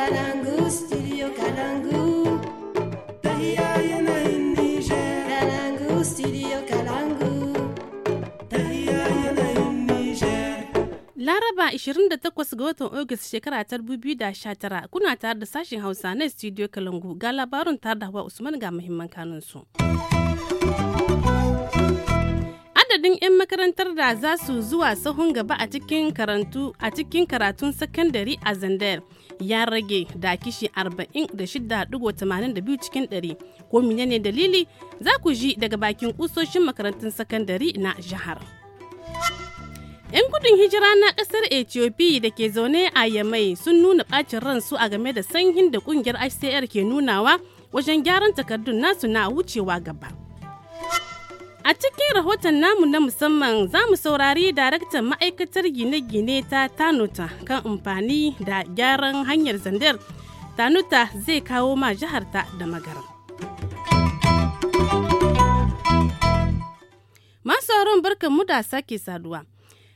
Kalangu, studio Kalangu. Kalangu, studio Kalangu. Laraba 28 ga watan Ogis shekara ta 2019 kuna tare da sashen Hausa na studio Kalangu ga labarin tare da Hawa Usman ga muhimman kanunsu. su. adadin 'yan makarantar da za su zuwa sahun gaba a cikin karatu a cikin karatun sakandare a zandar ya rage da kishi 46.82 cikin 100 ko menene dalili za ku ji daga bakin kusoshin makarantun sakandare na jihar. 'Yan gudun hijira na kasar Ethiopia da ke zaune a Yamai sun nuna ɓacin ransu a game da sanyin da kungiyar HCR ke nunawa wajen gyaran takardun nasu na wucewa gaba. A cikin rahoton namu na musamman za mu saurari daraktan ma'aikatar gine-gine ta Tanuta kan amfani da gyaran hanyar zandar. Tanuta zai kawo ma jiharta da magaran. Masu barkan mu da sake saduwa.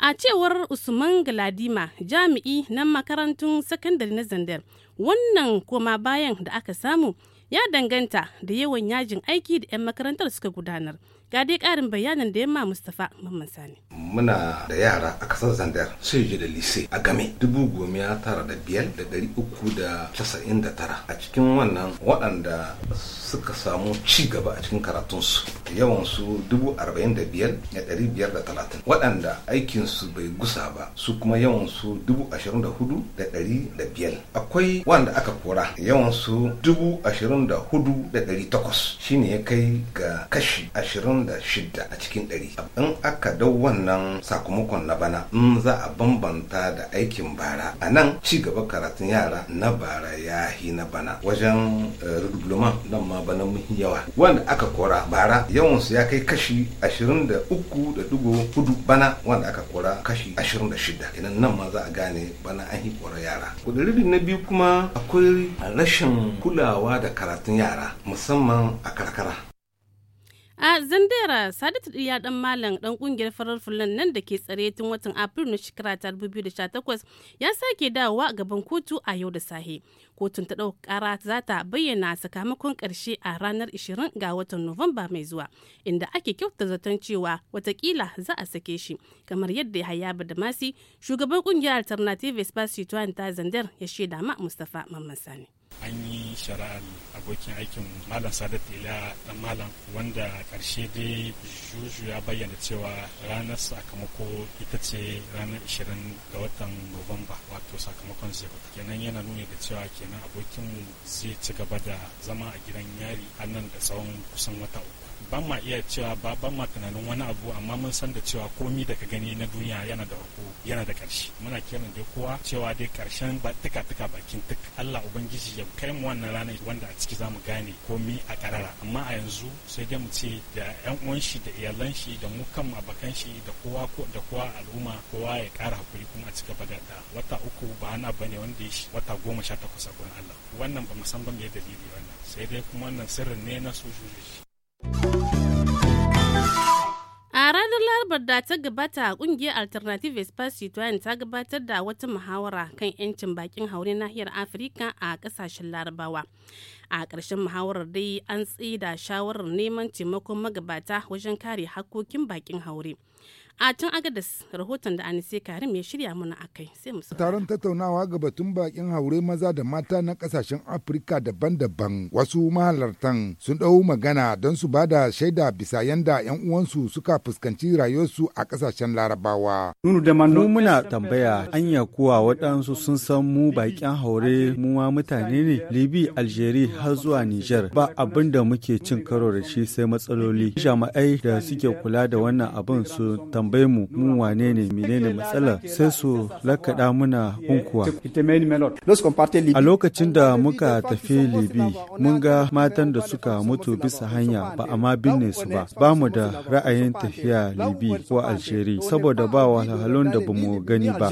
A cewar Usman Galadima jami'i na makarantun sakandare na Zandar, wannan koma bayan da aka samu ya danganta da yawan yajin aiki da 'yan makarantar suka gudanar. ga dai karin bayanan da yamma mustafa Mamman Sani. Muna da yara a kasar Zandar sai da lise a game dubu goma tara da biyar da dari uku da casa'in da tara a cikin wannan waɗanda suka samu ci gaba a cikin karatunsu yawan su dubu arba'in da biyar da dari biyar da talatin waɗanda aikinsu bai gusa ba su kuma yawan su dubu ashirin da hudu da dari da biyar akwai wanda aka kora yawan su dubu ashirin da hudu da dari takwas shine ya kai ga kashi ashirin shida a cikin ɗari in aka dau wannan sakamakon na bana in za a bambanta da aikin bara a nan ci gaba karatun yara na bara ya hi na bana wajen eh, rudubluman nan ma bana mun yawa wanda aka kora bara yawansu ya kai kashi ashirin da uku da dugo hudu bana wanda aka kora kashi ashirin da shida idan nan ma za a gane bana an hi kora yara kudurin na biyu kuma akwai rashin kulawa da karatun yara musamman a karkara a zandera sadatu ya dan malam dan kungiyar farar fulan nan da ke tsare tun watan april na shekara ta 2018 ya sake dawowa gaban kotu a yau da sahe kotun ta ɗauka kara za ta bayyana sakamakon karshe a ranar 20 ga watan nuwamba mai zuwa inda ake kyauta zaton cewa watakila za a sake shi kamar yadda ya da masi shugaban kungiyar alternative espace ta zandar ya shaida ma mustapha mamman sani an yi shari'ar abokin aikin malam sadat ila dan malam wanda karshe dai juju ya bayyana cewa ranar sakamako ita ce ranar 20 ga watan nuwamba wato sakamakon zai kenan yana nuni da cewa kenan abokinmu zai ci gaba da zama a gidan yari a da tsawon kusan wata uku ban ma iya cewa ba ban ma tunanin wani abu amma mun san da cewa komi daga gani na duniya yana da farko yana da ƙarshe muna kiran dai kowa cewa dai karshen ba tuka tuka bakin tuk Allah ubangiji ya kai mu wannan ranar wanda a ciki zamu gane komi a karara amma a yanzu sai dai mu ce da yan uwan shi da iyalan shi da mu kan abakan shi da kowa ko da kowa al'umma kowa ya kara hakuri kuma a cika bada da wata uku ba ana bane wanda ya shi wata goma sha takwas a gurin Allah wannan ba mu san ba me dalili wannan sai dai kuma wannan sirrin ne na su A ranar Larabar da ta gabata ƙungiyar Alternative space Citoyen ta gabatar da wata muhawara kan 'yancin bakin haure nahiyar Afirka a kasashen Larabawa. A ƙarshen muhawarar dai an tsida shawarar neman taimakon magabata wajen kare hakkokin bakin haure. a can agadas rahoton da anise karim ya shirya mana akai sai mu taron tattaunawa ga batun bakin haure maza da mata na kasashen afirka daban-daban wasu mahalartan sun dau magana don su ba da shaida bisa yanda yan uwansu suka fuskanci rayuwarsu a kasashen larabawa mu muna tambaya anya kuwa waɗansu sun san mu bakin haure mu ma mutane ne libi algeria har zuwa niger ba abin da muke cin karo da shi sai matsaloli jama'ai da suke kula da wannan abin su tambaya tambaye mu mun wane ne menene matsala sai su lakaɗa muna eh, unkuwa. A lokacin da muka tafi Libi mun ga matan da suka mutu bisa hanya ba a ma binne su ba. Ba mu da ra'ayin tafiya Libi ko Alsheri saboda ba wahalhalun da ba mu gani ba.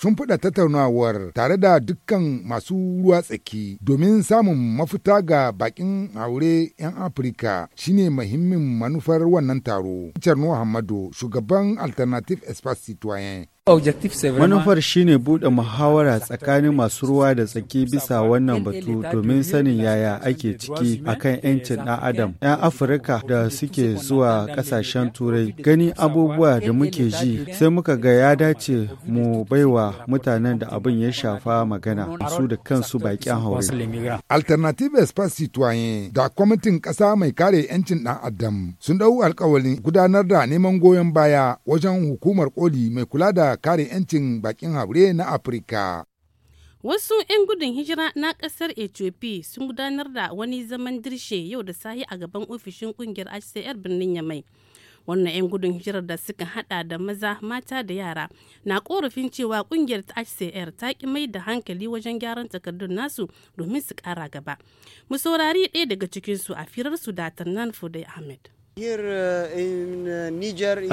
Sun faɗa tattaunawar tare da dukkan masu ruwa tsaki domin samun mafita ga bakin aure 'yan Afirka shine muhimmin manufar wannan taro. Charno Hamadu Gabon alternative espace citoyen Manufar shine buɗe muhawara tsakanin masu ruwa da tsaki bisa wannan batu domin sanin yaya ake ciki a kan 'yancin ɗan adam. 'Yan Afirka da suke zuwa ƙasashen Turai gani abubuwa da muke ji sai muka ga ya dace mu baiwa mutanen da abin ya shafa magana su da kansu baƙin haure. Alternative Espace Citoyen da kwamitin ƙasa mai kare 'yancin ɗan adam sun ɗau alkawalin gudanar da neman goyon baya wajen hukumar koli mai kula da kare 'yancin bakin haure na Afirka. Wasu 'yan gudun hijira na kasar Ethiopia sun gudanar da wani zaman dirshe yau da sahi a gaban ofishin ƙungiyar HCR birnin Yamai. Wannan 'yan gudun hijirar da suka hada da maza, mata da yara na korafin cewa ƙungiyar HCR ta ki mai da hankali wajen gyaran takardun nasu domin su kara gaba. Mu saurari ɗaya daga cikinsu a firar su da Tannan Fudai Ahmed. Uh, uh,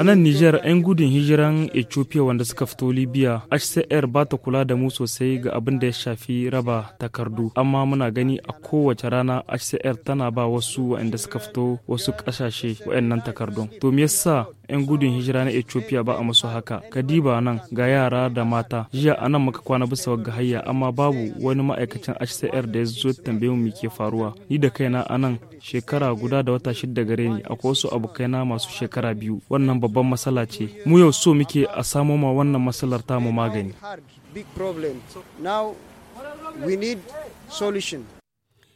a nan Nijar, 'yan gudun hijiran Ethiopia wanda suka fito Libya, HCR ba ta kula da mu sosai ga abin da ya shafi raba takardu, amma muna gani a kowace rana HCR tana ba wasu waɗanda suka fito wasu ƙasashe waɗannan takardun. To me yasa 'yan gudun hijira na ethiopia ba a masu haka kadiba nan ga yara da mata jiya a nan muka kwana bisa ga hayya amma babu wani ma'aikacin hcr da ya zo tambaye mu ke faruwa ni da kaina a nan shekara guda da wata shida gare ni akwai wasu abokaina masu shekara biyu wannan babban matsala ce mu yau so muke a samo ma wannan matsalar tamu magani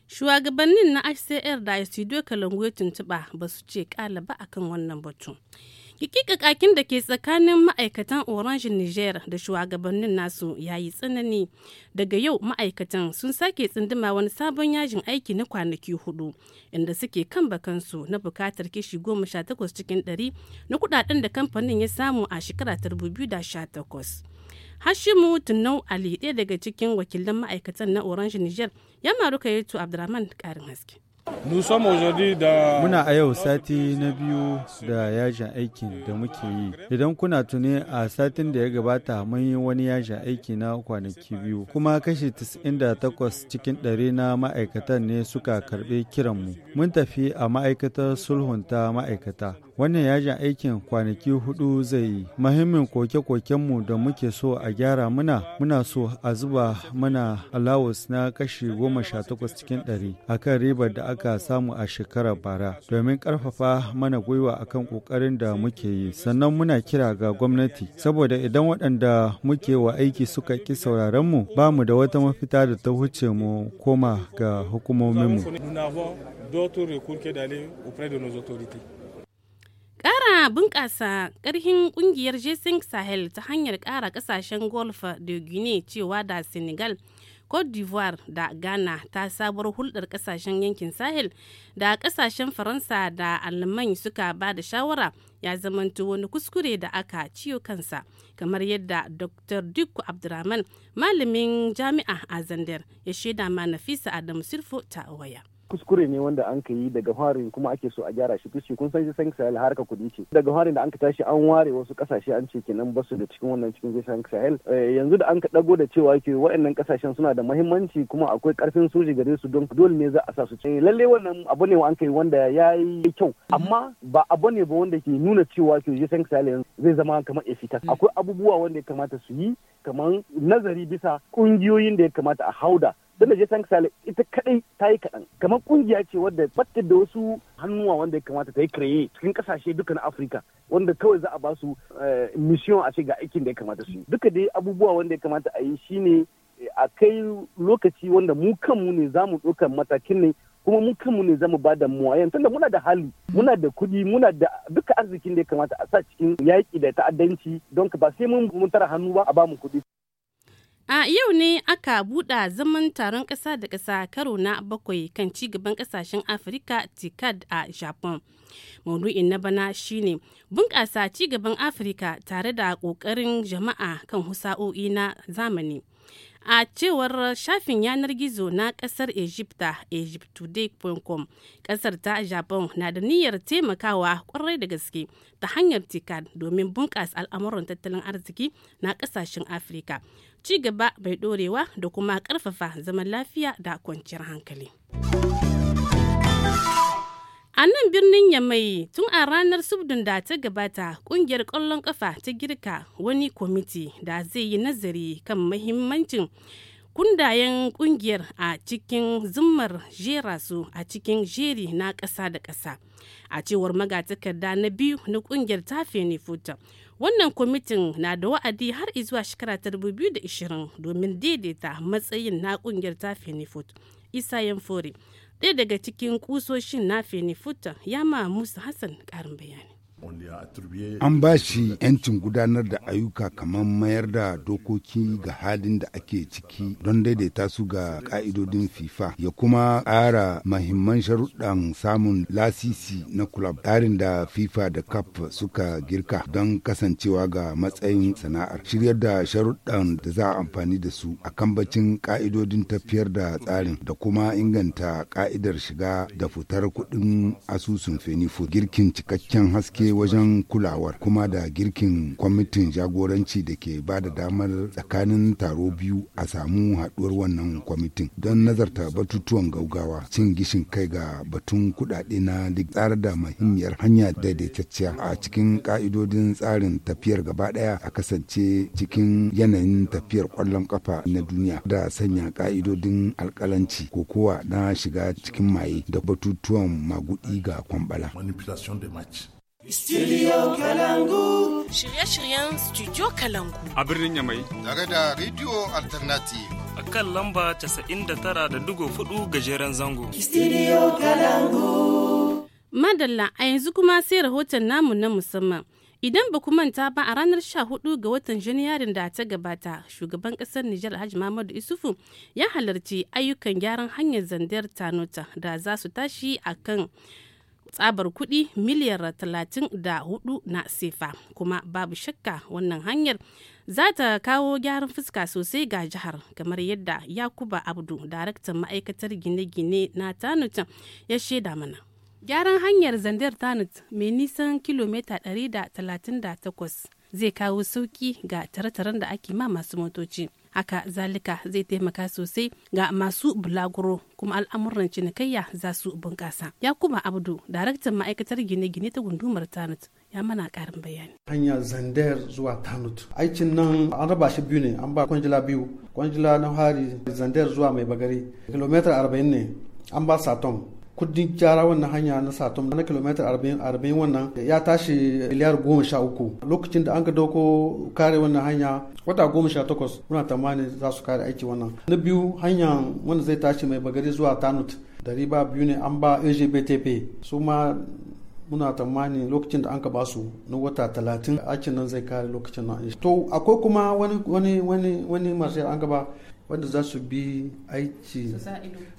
Shugabannin na HCR da Isidio Kalangu ya tuntuɓa ba su ce ba akan wannan batun. kikikakin da ke tsakanin ma'aikatan orange niger da shugabannin nasu ya yi tsanani daga yau ma'aikatan sun sake tsinduma wani sabon yajin aiki na kwanaki hudu inda suke kan bakansu na bukatar kishi goma sha takwas cikin dari na kudaden da kamfanin ya samu a shekara ta biyu da sha takwas hashimu tunau ali ɗaya daga cikin wakilan ma'aikatan na orange niger ya maruka yato abdurrahman karin haske Muna a yau sati na biyu da yajin aikin da muke yi. Idan kuna tuni a satin da ya gabata mun yi wani yajin aiki na kwanaki biyu. Kuma kashi 98 cikin ɗari na ma'aikatan ne suka karɓi kiranmu. Mun tafi a ma'aikatar sulhunta ma'aikata. wannan yajin aikin kwanaki hudu zai yi muhimmin koke-kokenmu da muke so a gyara muna muna so a zuba mana alawus na kashi goma sha takwas cikin ɗari akan ribar da aka samu a shekarar bara domin ƙarfafa mana gwiwa akan ƙoƙarin da muke yi sannan muna kira ga gwamnati saboda idan waɗanda muke wa aiki suka ƙi sauraron mu ba mu da wata mafita da ta huce mu koma ga hukumominmu. Ƙara bunƙasa ƙarfin ƙungiyar jesing Sahel ta hanyar ƙara ƙasashen golf da Guinea cewa da Senegal, Cote d'Ivoire da Ghana ta sabuwar hulɗar ƙasashen yankin Sahel da ƙasashen Faransa da Alman suka ba da shawara ya zamanto wani kuskure da aka ciyo kansa kamar yadda Dr. Dukku Abdurrahman malamin jami'a a Zandar ya shaida ma Nafisa Adamu Sirfo ta waya. kuskure ne wanda an ka yi daga farin kuma ake so a gyara shi kuskure. kun san san sahel harka kudi ce daga harin da an ka tashi an ware wasu kasashe an ce kenan basu da cikin wannan cikin san sahel eh, yanzu da an ka dago da cewa ke waɗannan kasashen suna da mahimmanci kuma akwai karfin soji gare su don dole ne za a sa su ce eh, lalle wannan abu ne an kai wanda ya yi kyau amma ba abu ne ba wanda ke nuna cewa ke san sahel zai zama kamar efita akwai abubuwa wanda ya kamata su yi kamar nazari bisa kungiyoyin da ya kamata a hauda don je san sale ita kadai ta yi kaɗan kamar kungiya ce wadda fatta da wasu hannuwa wanda ya kamata ta yi kare cikin kasashe duka na afirka wanda kawai za a ba su eh, mission a ce ga aikin da ya kamata su yi duka dai abubuwa wanda ya kamata a yi shine eh, a kai lokaci wanda mu kanmu ne za mu matakin ne kuma mu kanmu ne zamu ba da muwayan tunda muna da hali muna da kuɗi muna da duka arzikin da ya kamata a sa cikin yaƙi da ta'addanci don ka ba sai mun tara hannu ba a ba mu kuɗi. A yau ne aka buɗa zaman taron ƙasa da ƙasa karo na bakwai kan ci gaban ƙasashen Afirka TICAD a Japan. Maudu'in na bana shine bunƙasa ci gaban Afirka tare da ƙoƙarin jama'a kan husa'o'i na zamani. A cewar shafin yanar gizo na ƙasar Egypta, egyptoday.com, ƙasar ta Japan na da niyyar taimakawa ƙwarai da gaske ta hanyar TICAD domin bunƙasa al'amuran tattalin arziki na ƙasashen Afirka. ci gaba bai ɗorewa da kuma ƙarfafa zaman lafiya da kwanciyar hankali. A nan birnin Yamai tun a ranar subdun da ta gabata kungiyar kwallon ƙafa ta girka wani kwamiti da zai yi nazari kan mahimmancin kundayen kungiyar a cikin zumar jera su a cikin jeri na ƙasa da ƙasa a cewar magatakarda na biyu na kungiyar tafe ne futa wannan kwamitin na da wa'adi har izuwa shekara ta 2020 domin daidaita matsayin na kungiyar ta fenifut isa yanfore ɗaya daga cikin kusoshin na fenifut ya ma musa hassan ƙarin bayani An ba shi 'yancin gudanar da ayyuka kamar mayar da dokoki ga halin da ake ciki don daidaita su ga ƙa'idodin FIFA ya kuma ƙara mahimman sharuɗan samun lasisi na kulab tsarin da FIFA da CAF suka girka don kasancewa ga matsayin sana'ar shiryar da sharuɗan da za a amfani da su a kambacin ƙa'idodin tafiyar da tsarin da kuma inganta ƙa'idar shiga da fitar kuɗin asusun fenifo girkin cikakken haske ƙwararre wajen kulawar kuma da girkin kwamitin jagoranci da ke ba da damar tsakanin taro biyu a samu haɗuwar wannan kwamitin don nazarta batutuwan gaugawa cin gishin kai ga batun kuɗaɗe na tsara da mahimmiyar hanya daidaitacciya a cikin ka'idodin tsarin tafiyar gaba ɗaya a kasance cikin yanayin tafiyar kwallon kafa na duniya da sanya ka'idodin alkalanci ko kowa na shiga cikin maye da batutuwan magudi ga kwambala. manipulation Studio Kalangu. Shirye-shiryen Studio Kalangu. A birnin Yamai. Tare da Radio Alternative. A kan lamba 99.4 gajeren zango. Studio Kalangu. Madalla a yanzu kuma sai rahoton namu na musamman. Idan ba ku manta ba a ranar 14 ga watan Janairun da ta gabata, shugaban kasar Nijar Alhaji Muhammadu Isufu ya halarci ayyukan gyaran hanyar zandar Tanota da za su tashi a kan tsabar kuɗi miliyar 34 na sefa kuma babu shakka wannan hanyar za ta kawo gyaran fuska sosai ga jihar kamar yadda yakuba abdu daraktan ma'aikatar gine-gine na tanut ya shaida mana gyaran hanyar zandar tanut mai nisan kilomita 138 zai kawo sauki ga tare-taren da ake ma masu motoci haka zalika zai taimaka sosai ga masu bulaguro kuma al'amuran cinikayya za su bunƙasa kuma abdu daraktan ma'aikatar gine-gine ta gundumar tanut ya mana karin bayani. Hanya Zander zuwa Tanut. Aikin nan an raba shi biyu ne, an ba kwanjila biyu. Kwanjila na hari Zander zuwa mai bagari. Kilomita arba'in ne, an ba Satom. kudin gyara wannan hanya na satum na kilomita arba'in wannan ya tashi miliyar goma sha uku lokacin da an ka dauko kare wannan hanya wata goma sha takwas muna tamani za su kare aiki wannan na biyu hanya wanda zai tashi mai bagari zuwa tanut da riba biyu ne an ba lgbtp su ma muna tamani lokacin da an ka basu na wata talatin aikin nan zai kare lokacin nan to akwai kuma wani wani wani wani masu an gaba wanda za su bi aiki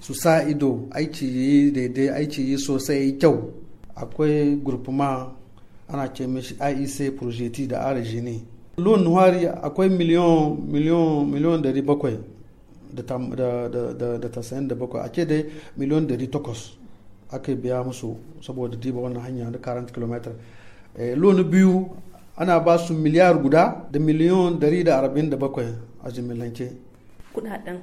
su sa ido aiki yi daidai aiki yi sosai kyau akwai gurfuma ana ce mishi iec project da ne loan nuhari akwai miliyon miliyon miliyon dari bakwai da tasayin da bakwai ake dai miliyon dari takwas aka biya musu saboda diba wannan hanya na karant km eh, loan biyu ana ba su miliyar guda da miliyon dari da arba'in da bakwai a jimillance kudaden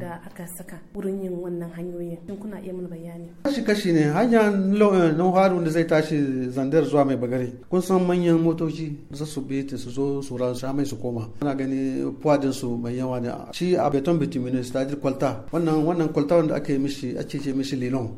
da aka saka wurin yin wannan hanyoyin shin kuna iya mana bayani kashi kashi ne hanya eh, na haru da zai tashi zandar zuwa mai bagare kun san manyan motoci za su bi su zo su ran sha mai su koma ana gani puwadin su mai yawa ne shi a beton bituminous ta dir kwalta wannan wannan kwalta wanda ake mishi ake ce mishi lilon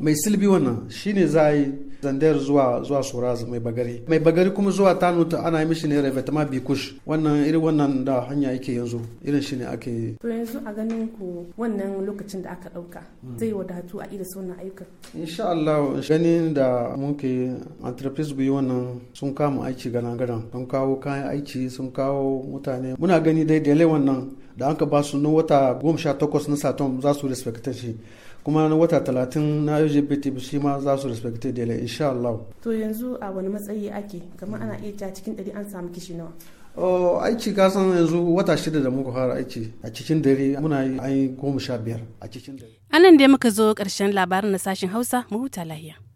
mai silbi wannan shine za a yi zandar zuwa zuwa sura mai bagari mai bagari kuma zuwa nuta ana yi mishi ne revetama bikush wannan irin wannan da hanya yake yanzu irin shi ne ake to yanzu a ganin ku wannan lokacin da aka dauka hmm. zai wadatu a irin sunan ayyuka insha Allah ganin da muke entreprise biyu wannan sun kama aiki gana-gana sun kawo kayan aiki sun kawo mutane muna gani daidai wannan da an ka ba su na wata goma sha takwas na satom za su respecta shi kuma na wata talatin na lgbt shi ma za su respecte dele insha Allah. to yanzu a wani matsayi ake kamar ana iya ta cikin ɗari an samu kishi nawa oh, aiki ka san yanzu wata shida da muka fara aiki a cikin dare muna yi an goma sha biyar a cikin dare. anan dai muka zo ƙarshen labarin na sashen hausa mu huta lahiya.